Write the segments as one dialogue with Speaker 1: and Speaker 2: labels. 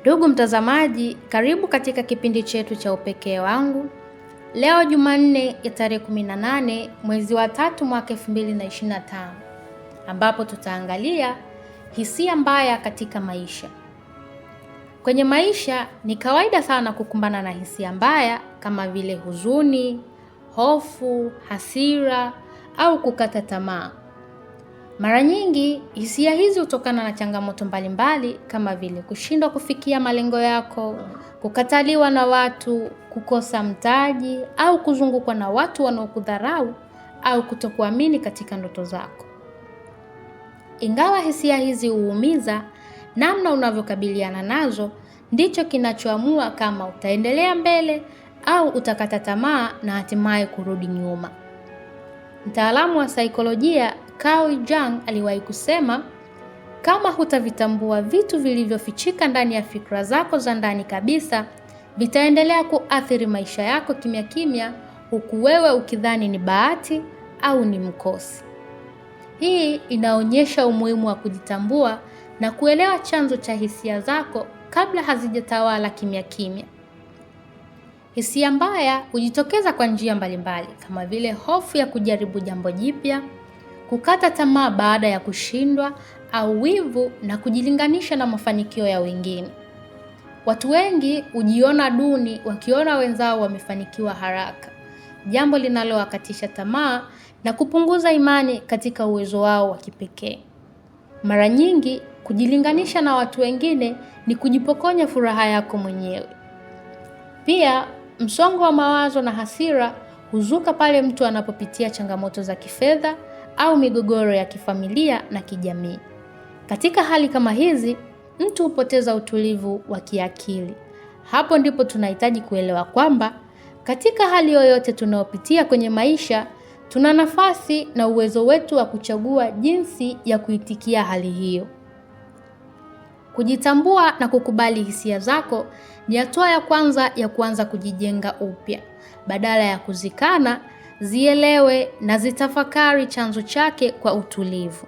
Speaker 1: Ndugu mtazamaji, karibu katika kipindi chetu cha Upekee wangu. Leo Jumanne ya tarehe 18 mwezi wa tatu mwaka 2025 ambapo tutaangalia hisia mbaya katika maisha. Kwenye maisha ni kawaida sana kukumbana na hisia mbaya kama vile huzuni, hofu, hasira au kukata tamaa. Mara nyingi hisia hizi hutokana na changamoto mbalimbali kama vile kushindwa kufikia malengo yako, kukataliwa na watu, kukosa mtaji au kuzungukwa na watu wanaokudharau au kutokuamini katika ndoto zako. Ingawa hisia hizi huumiza, namna unavyokabiliana nazo ndicho kinachoamua kama utaendelea mbele au utakata tamaa na hatimaye kurudi nyuma. Mtaalamu wa saikolojia Cao Jung aliwahi kusema, kama hutavitambua vitu vilivyofichika ndani ya fikra zako za ndani kabisa, vitaendelea kuathiri maisha yako kimya kimya, huku wewe ukidhani ni bahati au ni mkosi. Hii inaonyesha umuhimu wa kujitambua na kuelewa chanzo cha hisia zako kabla hazijatawala kimya kimya. Hisia mbaya hujitokeza kwa njia mbalimbali kama vile hofu ya kujaribu jambo jipya, kukata tamaa baada ya kushindwa au wivu na kujilinganisha na mafanikio ya wengine. Watu wengi hujiona duni wakiona wenzao wamefanikiwa haraka, jambo linalowakatisha tamaa na kupunguza imani katika uwezo wao wa kipekee. Mara nyingi kujilinganisha na watu wengine ni kujipokonya furaha yako mwenyewe. Pia msongo wa mawazo na hasira huzuka pale mtu anapopitia changamoto za kifedha au migogoro ya kifamilia na kijamii. Katika hali kama hizi, mtu hupoteza utulivu wa kiakili. Hapo ndipo tunahitaji kuelewa kwamba katika hali yoyote tunayopitia kwenye maisha, tuna nafasi na uwezo wetu wa kuchagua jinsi ya kuitikia hali hiyo. Kujitambua na kukubali hisia zako ni hatua ya kwanza ya kuanza kujijenga upya badala ya kuzikana zielewe na zitafakari chanzo chake kwa utulivu.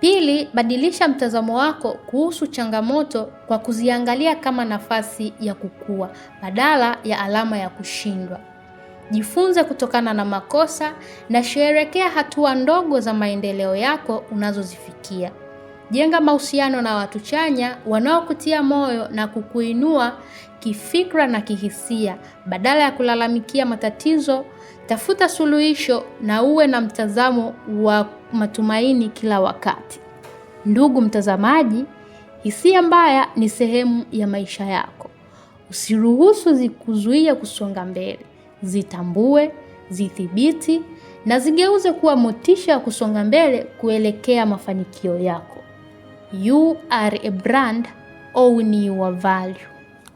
Speaker 1: Pili, badilisha mtazamo wako kuhusu changamoto kwa kuziangalia kama nafasi ya kukua badala ya alama ya kushindwa. Jifunze kutokana na makosa na sherekea hatua ndogo za maendeleo yako unazozifikia. Jenga mahusiano na watu chanya wanaokutia moyo na kukuinua kifikra na kihisia, badala ya kulalamikia matatizo. Tafuta suluhisho na uwe na mtazamo wa matumaini kila wakati. Ndugu mtazamaji, hisia mbaya ni sehemu ya maisha yako. Usiruhusu zikuzuia kusonga mbele. Zitambue, zithibiti na zigeuze kuwa motisha ya kusonga mbele kuelekea mafanikio yako. You are a brand, own your value.